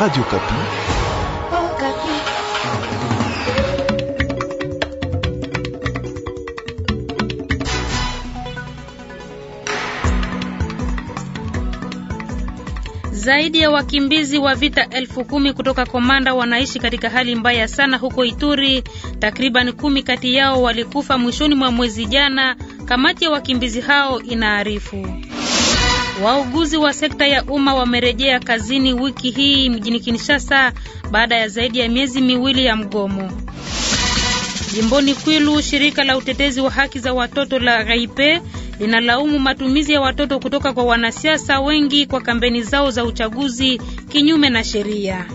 Radio Okapi. Zaidi ya wakimbizi wa vita elfu kumi kutoka Komanda wanaishi katika hali mbaya sana huko Ituri. Takriban kumi kati yao walikufa mwishoni mwa mwezi jana, kamati ya wakimbizi hao inaarifu. Wauguzi wa sekta ya umma wamerejea kazini wiki hii mjini Kinshasa baada ya zaidi ya miezi miwili ya mgomo. Jimboni Kwilu, shirika la utetezi wa haki za watoto la Raipe linalaumu matumizi ya watoto kutoka kwa wanasiasa wengi kwa kampeni zao za uchaguzi kinyume na sheria.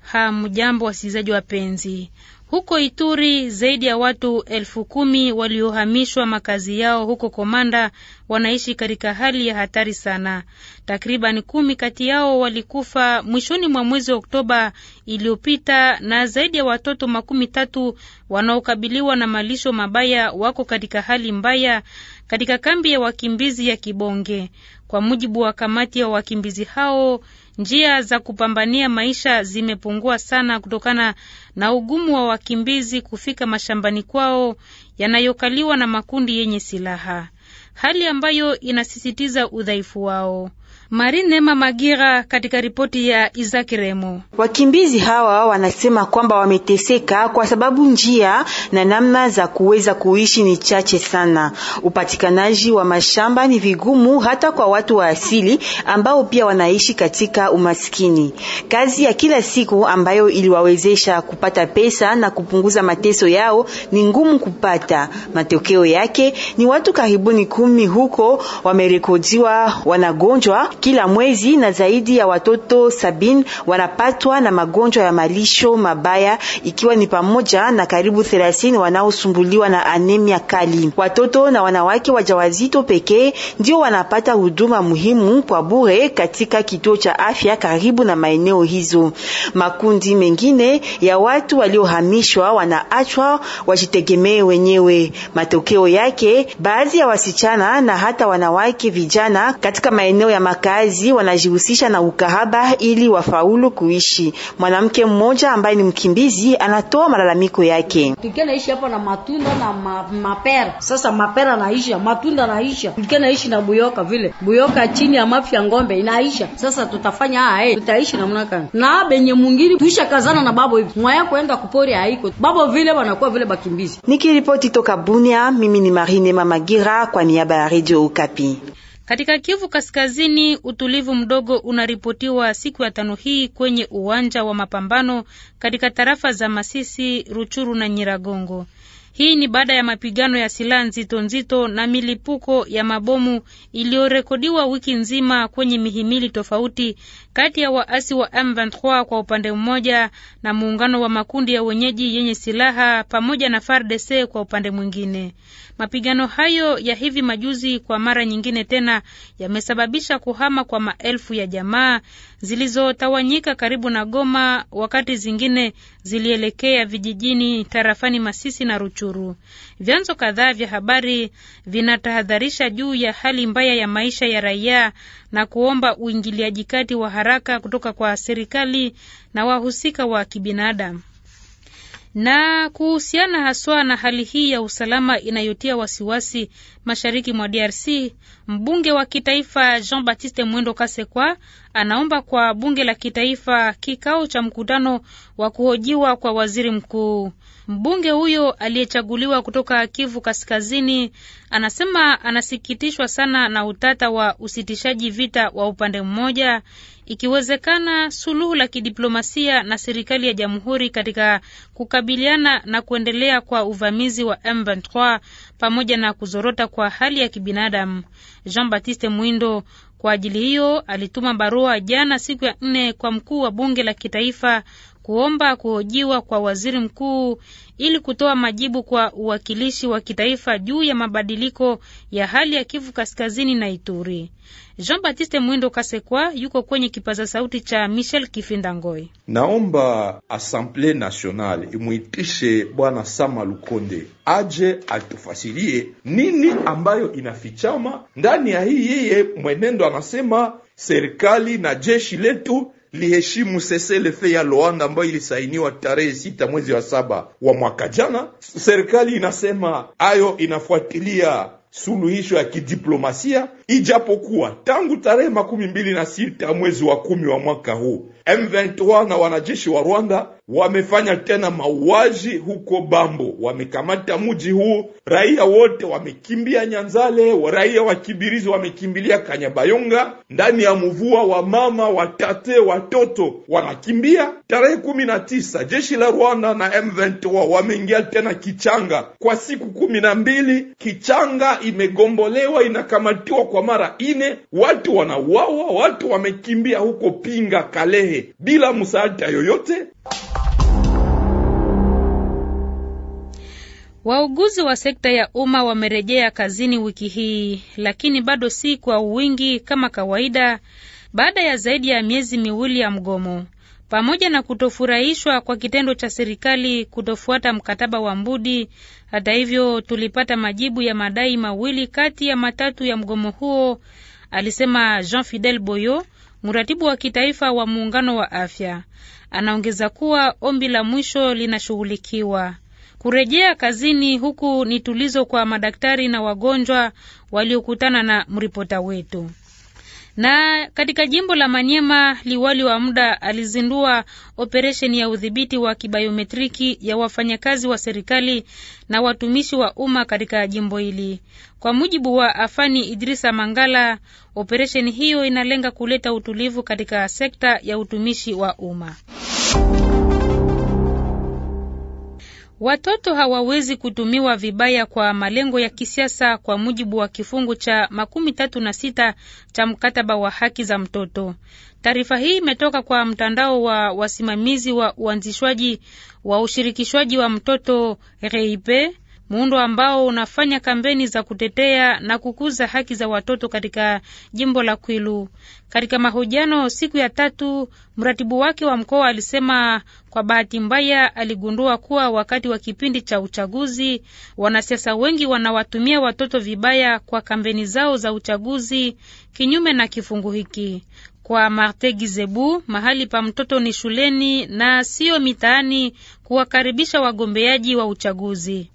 Hamjambo wasikilizaji wapenzi. Huko Ituri zaidi ya watu elfu kumi waliohamishwa makazi yao huko Komanda wanaishi katika hali ya hatari sana. Takriban kumi kati yao walikufa mwishoni mwa mwezi wa Oktoba iliyopita, na zaidi ya watoto makumi tatu wanaokabiliwa na malisho mabaya wako katika hali mbaya katika kambi ya wakimbizi ya Kibonge, kwa mujibu wa kamati ya wakimbizi hao njia za kupambania maisha zimepungua sana kutokana na ugumu wa wakimbizi kufika mashambani kwao yanayokaliwa na makundi yenye silaha, hali ambayo inasisitiza udhaifu wao. Marinema Magira katika ripoti ya Izaki Remo. Wakimbizi hawa wanasema kwamba wameteseka kwa sababu njia na namna za kuweza kuishi ni chache sana. Upatikanaji wa mashamba ni vigumu hata kwa watu wa asili ambao pia wanaishi katika umaskini. Kazi ya kila siku ambayo iliwawezesha kupata pesa na kupunguza mateso yao ni ngumu kupata. Matokeo yake ni watu karibuni kumi huko wamerekodiwa wanagonjwa kila mwezi, na zaidi ya watoto sabini wanapatwa na magonjwa ya malisho mabaya, ikiwa ni pamoja na karibu thelathini wanaosumbuliwa na anemia kali. Watoto na wanawake wajawazito pekee ndio wanapata huduma muhimu kwa bure katika kituo cha afya karibu na maeneo hizo. Makundi mengine ya watu waliohamishwa wanaachwa wajitegemee wenyewe. Matokeo yake, baadhi ya wasichana na hata wanawake vijana katika maeneo ya maka wakazi wanajihusisha na ukahaba ili wafaulu kuishi. Mwanamke mmoja ambaye ni mkimbizi anatoa malalamiko yake. Tulikuwa naishi hapa na matunda na ma, mapera. Sasa mapera naisha, matunda naisha. Tulikuwa naishi na buyoka vile. Buyoka chini ya mafi ya ng'ombe inaisha. Sasa tutafanya haya, hey, eh? tutaishi namna gani? Na benye mungiri tuisha kazana na babo hivi. Mwaya kwenda kupori haiko. Babo vile wanakuwa vile bakimbizi. Nikiripoti toka Bunia, mimi ni Marine Mama Gira kwa niaba ya Radio Okapi. Katika Kivu Kaskazini, utulivu mdogo unaripotiwa siku ya tano hii kwenye uwanja wa mapambano katika tarafa za Masisi, Ruchuru na Nyiragongo. Hii ni baada ya mapigano ya silaha nzito nzito na milipuko ya mabomu iliyorekodiwa wiki nzima kwenye mihimili tofauti kati ya waasi wa M23 kwa upande mmoja na muungano wa makundi ya wenyeji yenye silaha pamoja na FARDC kwa upande mwingine. Mapigano hayo ya hivi majuzi kwa mara nyingine tena yamesababisha kuhama kwa maelfu ya jamaa zilizotawanyika karibu na Goma, wakati zingine zilielekea vijijini tarafani Masisi na Ruchuru. Vyanzo kadhaa vya habari vinatahadharisha juu ya hali mbaya ya maisha ya raia na kuomba uingiliaji kati wa haraka kutoka kwa serikali na wahusika wa kibinadamu. Na kuhusiana haswa na hali hii ya usalama inayotia wasiwasi mashariki mwa DRC, mbunge wa kitaifa Jean Baptiste Mwendo Kasekwa anaomba kwa bunge la kitaifa kikao cha mkutano wa kuhojiwa kwa waziri mkuu. Mbunge huyo aliyechaguliwa kutoka Kivu Kaskazini anasema anasikitishwa sana na utata wa usitishaji vita wa upande mmoja ikiwezekana suluhu la kidiplomasia na serikali ya jamhuri katika kukabiliana na kuendelea kwa uvamizi wa M23 pamoja na kuzorota kwa hali ya kibinadamu. Jean Baptiste Mwindo kwa ajili hiyo alituma barua jana siku ya nne kwa mkuu wa bunge la kitaifa kuomba kuhojiwa kwa waziri mkuu ili kutoa majibu kwa uwakilishi wa kitaifa juu ya mabadiliko ya hali ya Kivu Kaskazini na Ituri. Jean Baptiste Mwindo Kasekwa yuko kwenye kipaza sauti cha Michel Kifindangoi. Naomba Assemble Nationale imwitishe Bwana Sama Lukonde aje atufasilie nini ambayo inafichama ndani ya hii yeye mwenendo, anasema serikali na jeshi letu liheshimu sese le ya Luanda ambayo ilisainiwa tarehe sita mwezi wa saba wa mwaka jana. Serikali inasema ayo inafuatilia suluhisho ya kidiplomasia ijapokuwa tangu tarehe makumi mbili na sita mwezi wa kumi wa mwaka huu M23 na wanajeshi wa Rwanda wamefanya tena mauaji huko Bambo, wamekamata muji huu, raia wote wamekimbia Nyanzale, wa raia wa Kibirizi wamekimbilia Kanyabayonga, ndani ya mvua wa mama watate watoto wanakimbia. Tarehe kumi na tisa jeshi la Rwanda na M23 wameingia tena Kichanga kwa siku kumi na mbili. Kichanga imegombolewa inakamatiwa kwa mara ine, watu wanauawa, watu wamekimbia huko Pinga Kalehe yeye bila msaada yoyote. Wauguzi wa sekta ya umma wamerejea kazini wiki hii, lakini bado si kwa wingi kama kawaida baada ya zaidi ya miezi miwili ya mgomo. Pamoja na kutofurahishwa kwa kitendo cha serikali kutofuata mkataba wa Mbudi, hata hivyo, tulipata majibu ya madai mawili kati ya matatu ya mgomo huo, alisema Jean Fidel Boyo, mratibu wa kitaifa wa muungano wa afya. Anaongeza kuwa ombi la mwisho linashughulikiwa. Kurejea kazini huku ni tulizo kwa madaktari na wagonjwa waliokutana na mripota wetu. Na katika jimbo la Manyema, liwali wa muda alizindua operesheni ya udhibiti wa kibayometriki ya wafanyakazi wa serikali na watumishi wa umma katika jimbo hili. Kwa mujibu wa Afani Idrisa Mangala, operesheni hiyo inalenga kuleta utulivu katika sekta ya utumishi wa umma. Watoto hawawezi kutumiwa vibaya kwa malengo ya kisiasa kwa mujibu wa kifungu cha makumi tatu na sita cha mkataba wa haki za mtoto. Taarifa hii imetoka kwa mtandao wa wasimamizi wa uanzishwaji wa ushirikishwaji wa mtoto Reipe muundo ambao unafanya kampeni za kutetea na kukuza haki za watoto katika jimbo la Kwilu. Katika mahojiano siku ya tatu, mratibu wake wa mkoa alisema kwa bahati mbaya aligundua kuwa wakati wa kipindi cha uchaguzi wanasiasa wengi wanawatumia watoto vibaya kwa kampeni zao za uchaguzi, kinyume na kifungu hiki. Kwa Marte Gizebu, mahali pa mtoto ni shuleni na siyo mitaani kuwakaribisha wagombeaji wa uchaguzi.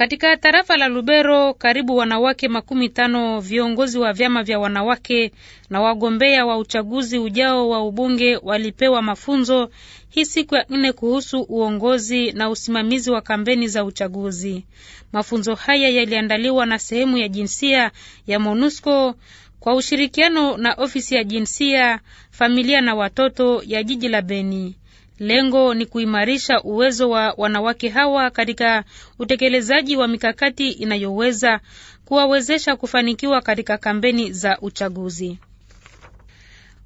Katika tarafa la Lubero, karibu wanawake makumi tano viongozi wa vyama vya wanawake na wagombea wa uchaguzi ujao wa ubunge walipewa mafunzo hii siku ya nne kuhusu uongozi na usimamizi wa kampeni za uchaguzi. Mafunzo haya yaliandaliwa na sehemu ya jinsia ya MONUSCO kwa ushirikiano na ofisi ya jinsia, familia na watoto ya jiji la Beni. Lengo ni kuimarisha uwezo wa wanawake hawa katika utekelezaji wa mikakati inayoweza kuwawezesha kufanikiwa katika kampeni za uchaguzi.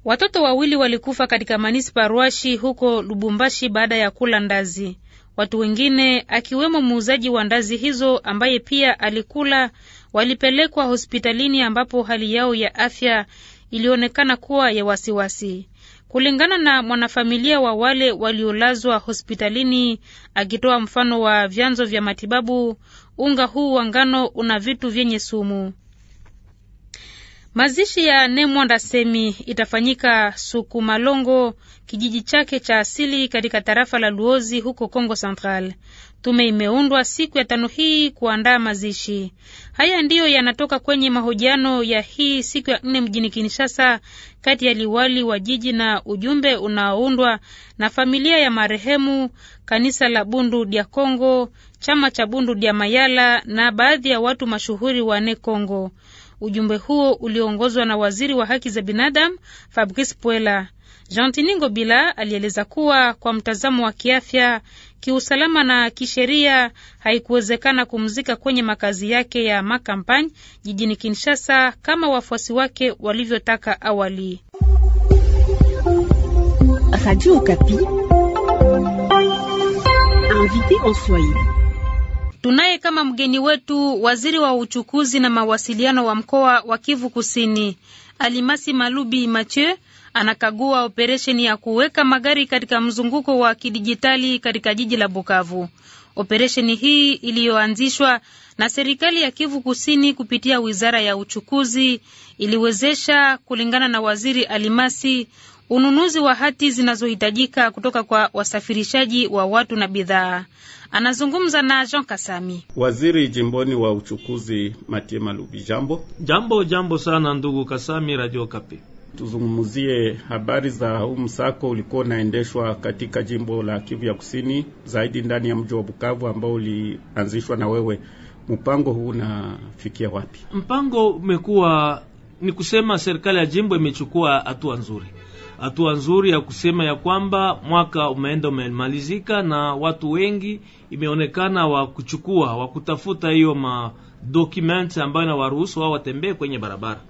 Watoto wawili walikufa katika manispa Rwashi huko Lubumbashi baada ya kula ndazi. Watu wengine akiwemo muuzaji wa ndazi hizo ambaye pia alikula walipelekwa hospitalini ambapo hali yao ya afya ilionekana kuwa ya wasiwasi. Kulingana na mwanafamilia wa wale waliolazwa hospitalini, akitoa mfano wa vyanzo vya matibabu, unga huu wa ngano una vitu vyenye sumu. Mazishi ya Nemwanda Semi itafanyika Sukumalongo, kijiji chake cha asili katika tarafa la Luozi huko congo Central. Tume imeundwa siku ya tano hii kuandaa mazishi haya. Ndiyo yanatoka kwenye mahojiano ya hii siku ya nne mjini Kinshasa, kati ya liwali wa jiji na ujumbe unaoundwa na familia ya marehemu, kanisa la Bundu dia congo chama cha Bundu dia Mayala na baadhi ya watu mashuhuri wa ne Ujumbe huo ulioongozwa na waziri wa haki za binadamu Fabrice Puela. Jeantiningo Bila alieleza kuwa kwa mtazamo wa kiafya, kiusalama na kisheria haikuwezekana kumzika kwenye makazi yake ya Makampagne jijini Kinshasa kama wafuasi wake walivyotaka awali. Radio Okapi. Invité en Tunaye kama mgeni wetu waziri wa uchukuzi na mawasiliano wa mkoa wa Kivu Kusini, Alimasi Malubi Mathieu anakagua operesheni ya kuweka magari katika mzunguko wa kidijitali katika jiji la Bukavu. Operesheni hii iliyoanzishwa na serikali ya Kivu Kusini kupitia wizara ya uchukuzi iliwezesha, kulingana na waziri Alimasi, ununuzi wa hati zinazohitajika kutoka kwa wasafirishaji wa watu na bidhaa. Anazungumza na Jean Kasami, waziri jimboni wa uchukuzi. matie Malubi, jambo jambo. Jambo sana ndugu Kasami, Radio Kapi. Tuzungumzie habari za huu msako ulikuwa unaendeshwa katika jimbo la Kivu ya Kusini, zaidi ndani ya mji wa Bukavu ambao ulianzishwa na wewe. Mpango huu unafikia wapi? Mpango umekuwa ni kusema serikali ya jimbo imechukua hatua nzuri hatua nzuri ya kusema ya kwamba mwaka umeenda umemalizika, na watu wengi imeonekana wa kuchukua wa kutafuta hiyo madokument ambayo inawaruhusu wao watembee kwenye barabara.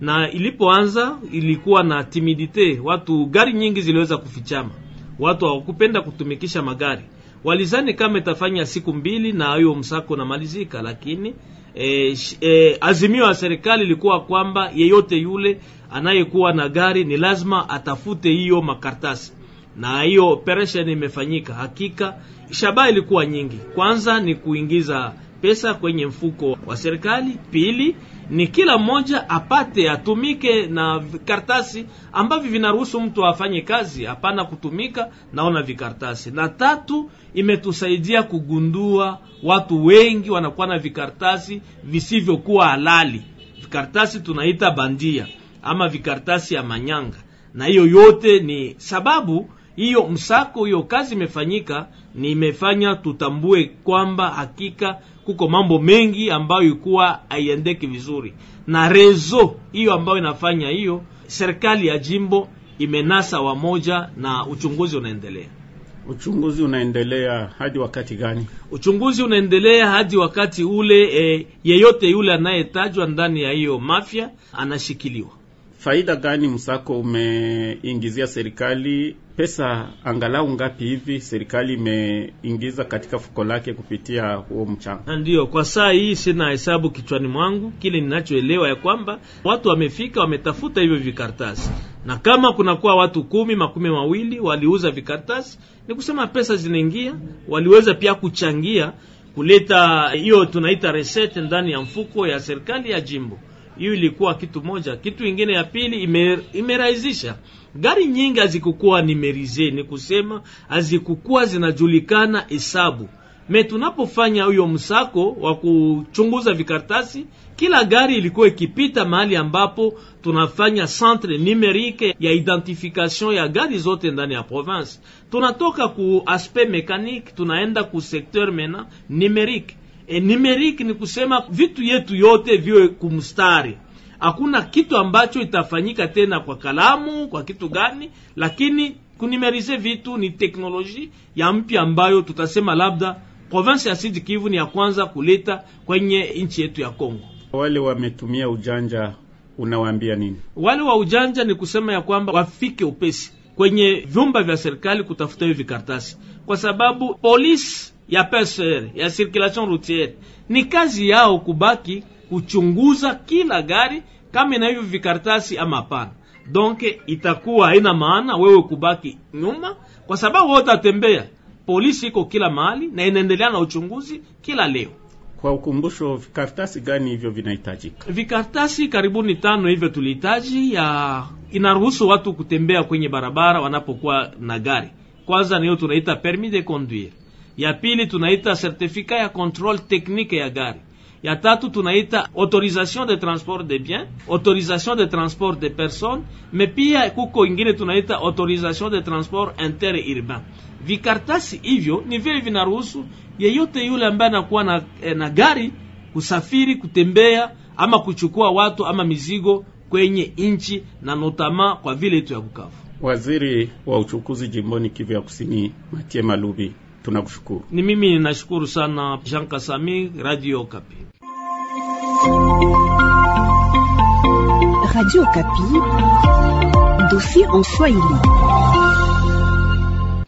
Na ilipoanza ilikuwa na timidite, watu gari nyingi ziliweza kufichama, watu hawakupenda kutumikisha magari Walizani kama itafanya siku mbili na hiyo msako unamalizika, lakini e, e, azimio ya serikali ilikuwa kwamba yeyote yule anayekuwa na gari ni lazima atafute hiyo makartasi, na hiyo operation imefanyika. Hakika shabaha ilikuwa nyingi. Kwanza ni kuingiza pesa kwenye mfuko wa serikali, pili ni kila mmoja apate atumike na vikartasi ambavyo vinaruhusu mtu afanye kazi, hapana kutumika naona vikartasi. Na tatu, imetusaidia kugundua watu wengi wanakuwa na vikartasi visivyokuwa halali, vikartasi tunaita bandia ama vikartasi ya manyanga, na hiyo yote ni sababu hiyo msako hiyo kazi imefanyika, ni tutambue kwamba hakika kuko mambo mengi ambayo ilikuwa haiendeki vizuri, na rezo hiyo ambayo inafanya hiyo, serikali ya jimbo imenasa wamoja, na uchunguzi unaendelea. Uchunguzi unaendelea hadi wakati gani? Uchunguzi unaendelea hadi wakati ule e, yeyote yule anayetajwa ndani ya hiyo mafya anashikiliwa. Faida gani msako umeingizia serikali pesa angalau ngapi hivi serikali imeingiza katika fuko lake kupitia huo mchango? Ndio, kwa saa hii sina hesabu kichwani mwangu. Kile ninachoelewa ya kwamba watu wamefika, wametafuta hivyo vikartasi na kama kunakuwa watu kumi makumi mawili waliuza vikartasi ni kusema pesa zinaingia. Waliweza pia kuchangia kuleta hiyo tunaita resete ndani ya mfuko ya serikali ya jimbo. Hiyo ilikuwa kitu moja. Kitu ingine ya pili, imerahisisha ime gari nyingi hazikukuwa nimerize, ni kusema hazikukuwa zinajulikana hesabu. Me tunapofanya huyo msako wa kuchunguza vikartasi, kila gari ilikuwa ikipita mahali ambapo tunafanya centre numerique ya identification ya gari zote ndani ya province. Tunatoka ku aspect mécanique tunaenda ku secteur mena numerique. E, numerique ni kusema vitu yetu yote viwe kumstari hakuna kitu ambacho itafanyika tena kwa kalamu, kwa kitu gani, lakini kunimerize vitu ni teknoloji ya mpya ambayo tutasema labda province ya Sud Kivu ni ya kwanza kuleta kwenye nchi yetu ya Kongo. Wale wametumia ujanja, unawaambia nini? Wale wa ujanja ni kusema ya kwamba wafike upesi kwenye vyumba vya serikali kutafuta hivi vikaratasi, kwa sababu polisi ya PCR ya circulation routiere ni kazi yao kubaki kuchunguza kila gari kama ina hivyo vikaratasi ama hapana. Donc itakuwa haina maana wewe kubaki nyuma, kwa sababu wewe utatembea. Polisi iko kila mahali na inaendelea na uchunguzi kila leo. Kwa ukumbusho, vikaratasi gani hivyo vinahitajika? Vikaratasi karibuni tano hivyo tulihitaji, ya inaruhusu watu kutembea kwenye barabara wanapokuwa na gari. Kwanza hiyo tunaita permis de conduire, ya pili tunaita certificat ya control technique ya gari ya tatu tunaita autorisation de transport de biens autorisation de transport de personnes, me pia kuko ingine tunaita autorisation de transport interurbain. Vikartasi hivyo ni vile vinaruhusu yeyote yule ambaye anakuwa na, eh, na gari kusafiri, kutembea ama kuchukua watu ama mizigo kwenye nchi na notama kwa vile tu ya Bukavu. Waziri wa uchukuzi jimboni Kivu ya Kusini Matie Malubi Tunakushukuru. Ni mimi ninashukuru sana Jean Kasami, Radio Kapi. Radio Kapi, dossier en Swahili.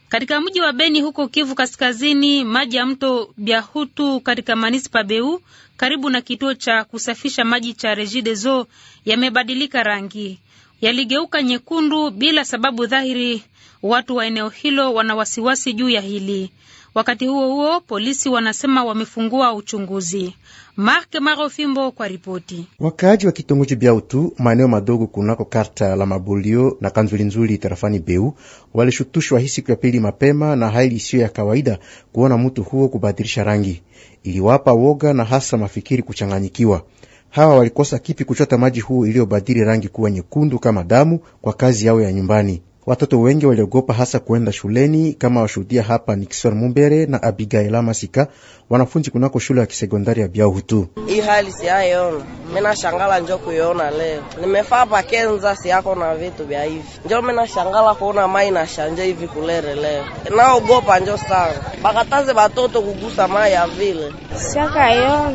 Katika mji wa Beni huko Kivu Kaskazini, maji ya mto Byahutu katika manispa Beu karibu na kituo cha kusafisha maji cha Regideso yamebadilika rangi, yaligeuka nyekundu bila sababu dhahiri Watu wa eneo hilo wana wasiwasi juu ya hili. Wakati huo huo, polisi wanasema wamefungua uchunguzi. Mark Marofimbo kwa ripoti. Wakaaji wa kitongoji Biautu, maeneo madogo kunako karta la Mabolio na Kanzulinzuli tarafani Beu, walishutushwa hii siku ya pili mapema na hali isiyo ya kawaida kuona mtu huo kubadilisha rangi. Iliwapa woga na hasa mafikiri kuchanganyikiwa. Hawa walikosa kipi kuchota maji huo iliyobadili rangi kuwa nyekundu kama damu kwa kazi yao ya nyumbani. Watoto wengi waliogopa hasa kuenda shuleni, kama washuhudia hapa Nixon Mumbere na Abigaila Masika wanafunzi kunako shule ya kisekondari ya Biahutu. Hii hali siyaiona, minashangala njo kuiona leo. Nimefaa kenza siyako na vitu vya hivi, njo minashangala kuona mai na shanje hivi kulere leo, naogopa njo sana, bakataze batoto kugusa mai ya vile siyakaiona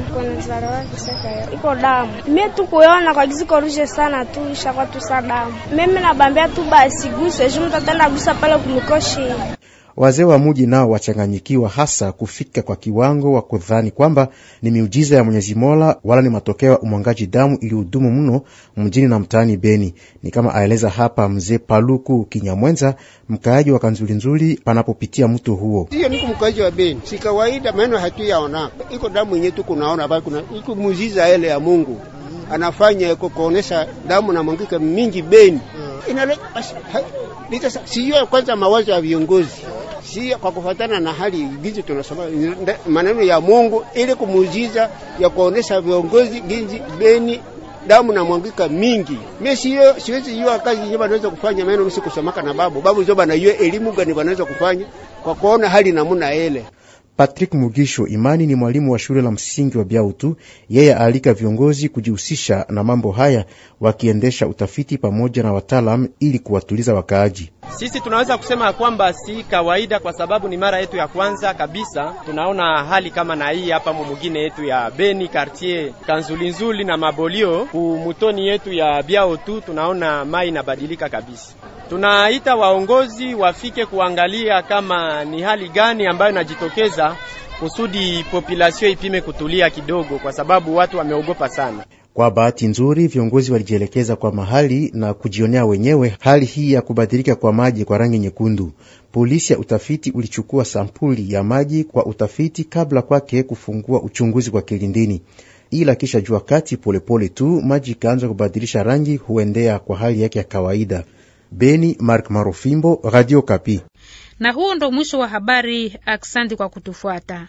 iko damu mie tu kuiona kwa giziko rushe sana tu ishakwatusa damu mimi nabambia tu basiguse juu mtatenda gusa pale kulikoshi Wazee wa muji nao wachanganyikiwa, hasa kufika kwa kiwango wa kudhani kwamba ni miujiza ya Mwenyezi Mola wala ni matokeo ya umwangaji damu iliyodumu mno mjini na mtaani Beni. Ni kama aeleza hapa mzee Paluku Kinyamwenza, mkaaji wa Kanzulinzuli panapopitia mto huo. Hiyo niko mkaaji wa Beni, si kawaida, maneno hatuyaona iko damu yenyewe tu kunaona bali kuna iko muujiza ile ya Mungu anafanya iko kuonesha damu na mwangike mingi Beni inaleta kwanza mawazo ya viongozi, si kwa kufuatana na hali ginzi, tunasoma maneno ya Mungu ili kumuujiza ya kuonesha viongozi ginzi beni damu na mwangika mingi. Mimi sio siwezi hiyo kazi hiyo wanaweza kufanya maana kusomaka na babu babu, zoba na hiyo elimu gani wanaweza kufanya kwa kuona hali namuna ile Patrick Mugisho Imani ni mwalimu wa shule la msingi wa Biautu. Yeye aalika viongozi kujihusisha na mambo haya, wakiendesha utafiti pamoja na wataalam ili kuwatuliza wakaaji. Sisi tunaweza kusema ya kwamba si kawaida, kwa sababu ni mara yetu ya kwanza kabisa tunaona hali kama na hii hapa mumugine yetu ya Beni Kartier Kanzulinzuli na Mabolio kumutoni yetu ya Biautu, tunaona mai inabadilika kabisa. Tunaita waongozi wafike kuangalia kama ni hali gani ambayo inajitokeza kusudi population ipime kutulia kidogo, kwa sababu watu wameogopa sana. Kwa bahati nzuri, viongozi walijielekeza kwa mahali na kujionea wenyewe hali hii ya kubadilika kwa maji kwa rangi nyekundu. Polisi ya utafiti ulichukua sampuli ya maji kwa utafiti kabla kwake kufungua uchunguzi kwa kilindini, ila kisha jua kati polepole tu maji ikaanza kubadilisha rangi, huendea kwa hali yake ya kawaida. Beni, Mark Marofimbo, Radio Kapi. Na huo ndo mwisho wa habari. Aksanti kwa kutufuata.